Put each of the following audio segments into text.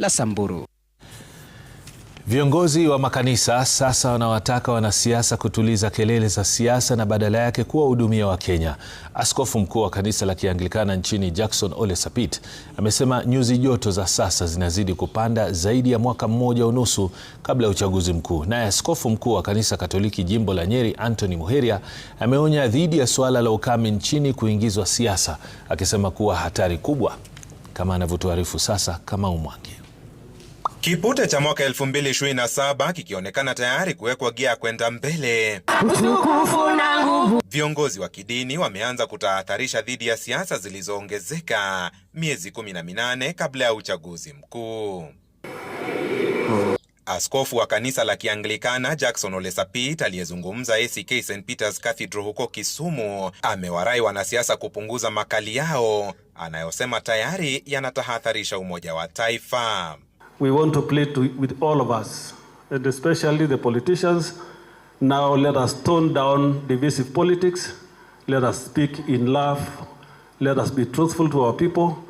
la Samburu. Viongozi wa makanisa sasa wanawataka wanasiasa kutuliza kelele za siasa na badala yake kuwahudumia Wakenya. Askofu mkuu wa kanisa la Kianglikana nchini Jackson Ole Sapit amesema nyuzi joto za sasa zinazidi kupanda zaidi ya mwaka mmoja unusu kabla ya uchaguzi mkuu. Naye askofu mkuu wa kanisa Katoliki jimbo la Nyeri Anthony Muheria ameonya dhidi ya suala la ukame nchini kuingizwa siasa, akisema kuwa hatari kubwa, kama anavyotuarifu sasa Kamau Mwangi. Kipute cha mwaka 2027 kikionekana tayari kuwekwa gia kwenda mbele. Viongozi wa kidini wameanza kutahadharisha dhidi ya siasa zilizoongezeka miezi 18 kabla ya uchaguzi mkuu. Askofu wa kanisa la Kianglikana Jackson Ole Sapit aliyezungumza ACK St Peters Cathedral huko Kisumu amewarai wanasiasa kupunguza makali yao anayosema tayari yanatahadharisha umoja wa taifa we want to plead to, with all of us, and especially the politicians. Now let us tone down divisive politics. Let us speak in love. Let us be truthful to our people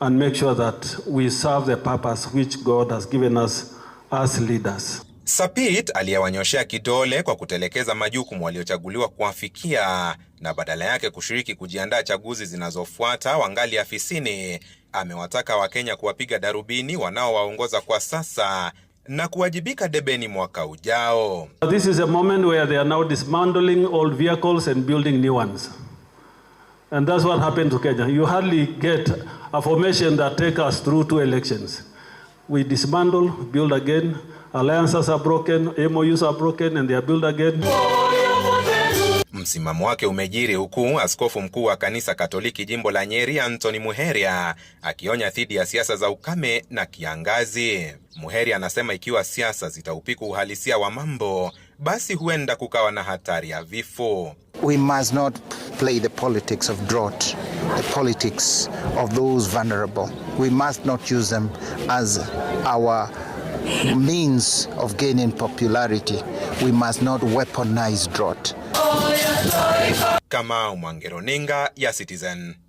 and make sure that we serve the purpose which God has given us as leaders. Sapit aliyewanyoshea kidole kwa kutelekeza majukumu waliochaguliwa kuwafikia na badala yake kushiriki kujiandaa chaguzi zinazofuata wangali afisini amewataka Wakenya kuwapiga darubini wanaowaongoza kwa sasa na kuwajibika debeni mwaka ujao. This is a moment where they are now dismantling old vehicles and building new ones. And that's what happened to Kenya. You hardly get a formation that take us through two elections. We dismantle, build again, alliances are broken, MOUs are broken and they are built again. Msimamo wake umejiri huku askofu mkuu wa kanisa Katoliki jimbo la Nyeri Anthony Muheria akionya dhidi ya siasa za ukame na kiangazi. Muheria anasema ikiwa siasa zitaupika uhalisia wa mambo, basi huenda kukawa na hatari ya vifo. We must not play the politics of drought, the politics of those vulnerable. We must not use them as our means of gaining popularity. We must not weaponize drought. Kamau Mwangi, ya Citizen.